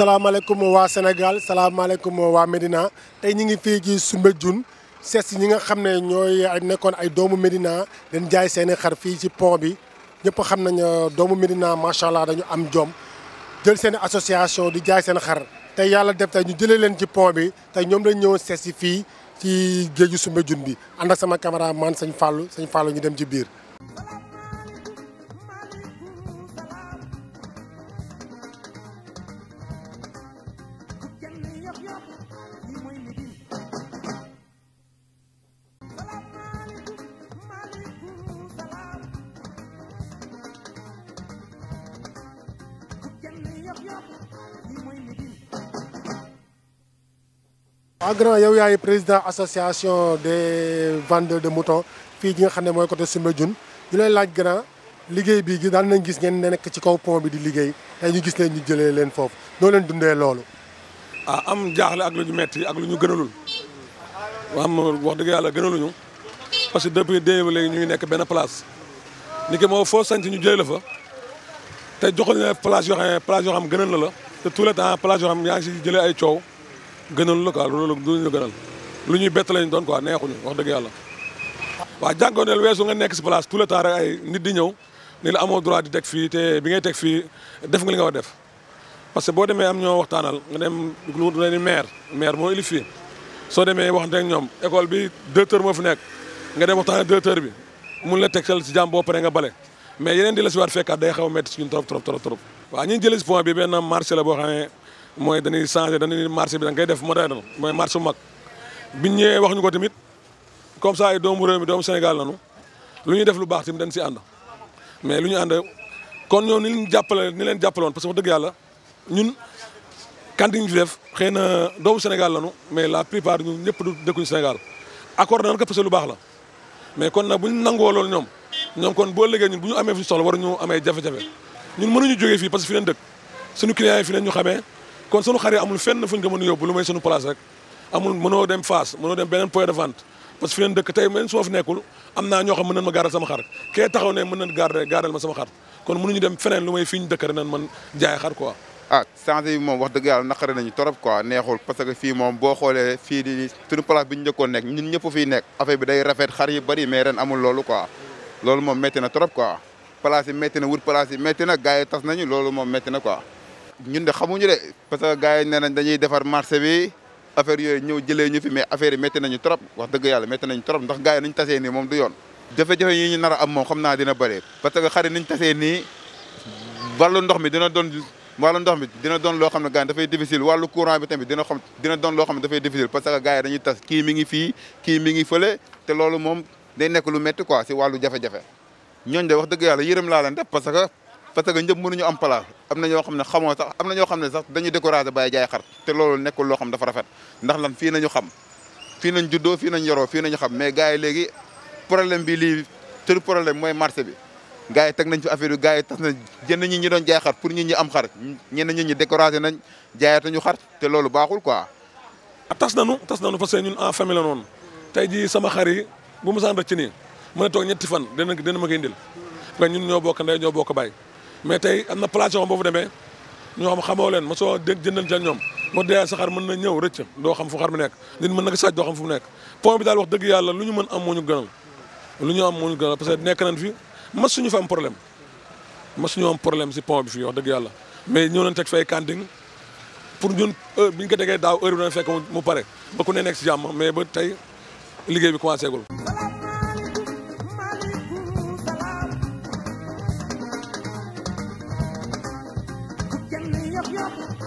salaamaaleykum waa Sénégal salaamaaleykum waa Médina tey ñu ngi fii ci Soumbédioune seet si ñi nga xam ne ñooy nekkoon ay doomu Médina dañ jaay seeni xar fii ci pont bi ñëpp xam nañ doomu Médina macha allah dañu am jom jël seeni association di jaay seeni xar te yàlla def tey ñu jëlee leen ci pont bi te ñoom dañ ñëw seet yi fii ci géeju Soumbédioune bi ànd ak sama cameraman Sëñ Fallou Sëñ Fallou ñu dem ci biir. def yëpp lii mooy Médine grand yow yaay président association des vendeurs de moto fii ji nga xam ne mooy côté Soumbédioune ñu lay laaj grand liggéey bii gi daan nañ gis ngeen ne nekk ci kaw pont bi di liggéey tey ñu gis leen ñu jëlee leen foofu noo leen dundee loolu ah am jaaxle ak lu ñu metti ak lu ñu gënalul am wax dëgg yàlla gënaluñu parce que depuis démb léegi ñu ngi nekk benn place ni moo foo sant ñu jëlee fa te joxuñu la place yoo xam ne yoo xam gënal na la te tout le temps place yoo xam yaa ngi si jëlee ay coow gënal la quoi loolu du ñu gënal lu ñuy bett lañ doon quoi neexuñu wax dëgg yàlla. waaw jànkooneel weesu nga nekk si place tout le temps rek ay nit di ñëw ni la amoo droit di teg fii te bi ngay teg fii def nga li nga def. parce que boo demee am ñoo waxtaanal nga dem lu ne ni maire soo demee waxante ak ñoom école bi directeur moo fi nekk nga dem waxtaan ak bi mun la tegtal ci jàmm boo pare nga di la si a métti ci ñun trop trop trop trop waaw ñu jëlee si point bi benn marché la boo bi da ngay def moderne mooy marché bu mag biñ ñëwee wax ñu ko tamit comme ça ay doomu réew mi doomu Sénégal lañu lu ñuy def lu baax tamit dañ si ànd mais lu ñu ànd kon ñoom ni leen jàppale ni leen jàppaloon parce que wax dëgg yàlla ñun kantin ñu fi def xëy na doomu Sénégal lañu mais la plupart ñun ñëpp du dëkkuñu Sénégal accord nañ ko parce que lu baax la mais kon nag bu ñu nangoo loolu ñoom ñoom kon boo liggéey ñun bu ñu amee fu ñu soxla waruñu amee jafe-jafe ñun mënuñu jógee fii parce que fi leen dëkk suñu clients yi fi leen ñu xamee kon suñu xar yi amul fenn fu ñu ko mën a lu may suñu place rek amul mënoo dem Fass mënoo dem beneen point de vente parce que fi leen dëkk tey même soo fi nekkul am naa ñoo xam nañ kee taxaw ne mën nañ garder gaareel ma sama xar kon mënuñu dem feneen lu may fi ñu dëkk rek nan man jaay xar quoi ah changé bi moom wax dëgg yàlla naqare nañu trop quoi neexul parce que fii moom boo xoole fii di suñu place bi ñu njëkkoon nekk ñun ñëpp fii nekk affaire bi day rafet xar bari bëri mais ren amul loolu quoi loolu moom métti na trop quoi place yi métti na wut place yi métti na gars yi tas nañu loolu moom métti na quoi ñun de xamuñu de parce que gars yi nañ dañuy defar marché bi affaire yooyu ñëw jëlee ñu fi mais affaire yi métti nañu trop wax dëgg yàlla métti nañu trop ndax gars yi nuñ tasee nii moom du yoon jafe nar a moom xam naa dina bëri parce que xar nii wàllu ndox mi dina doon wàllu ndox mi dina don loo xam ne gars dafay difficile wàllu courant bi tamit dina xam dina doon loo xam ne dafay difficile parce que gars yi dañuy tas kii mi ngi fii kii fële te loolu moom day nekk lu métti quoi si wàllu jafe-jafe ñooñ de wax dëgg yàlla yërëm laa leen def parce que parce que ñëpp ñu am place am na ñoo xam ne xamoo sax am na ñoo xam ne sax dañu découragé bàyyi jaay xar te loolu nekkul loo xam dafa rafet ndax lan fii nañu xam fii nañ juddoo fii nañ yoroo fii nañu xam mais gars yi léegi problème bi lii tër problème mooy marché bi gaa yi teg nañ fi affaire yu gars yi tax na jënd ñi ñi doon jaay xar pour ñi ñi am xar ñenn ñi ñi découragé nañ jaayatuñu xar te loolu baaxul quoi. Ah, tas nañu tas nañu parce que ñun en famille la noonu tey jii sama xar yi bu mu saan a toog ñetti fan dana dana ma koy indil nga ñun ñoo bokk ndey ñoo bokk baay mais tey am na place yoo fu demee ñoo xam xamoo leen ma soo dégg jëndal ca ñoom moo dee sa xar mën na ñëw rëcc doo xam fu xar mi nekk nit mën na ko sàcc doo xam fu mu nekk point bi daal wax dëgg yàlla lu ñu mën am moo ñu gënal lu ñu am moo ñu gënal nekk nañ fi mas suñu fa am problème mas suñu am problème si pont bi fii wax dëgg yàlla mais ñëw nañ teg fay kanting pour ñun heure bi ñu ko tegee daaw heure bi dana fekk mu pare ba ku ne nekk si jàmm mais ba tey liggéey bi commencé gul. Yeah.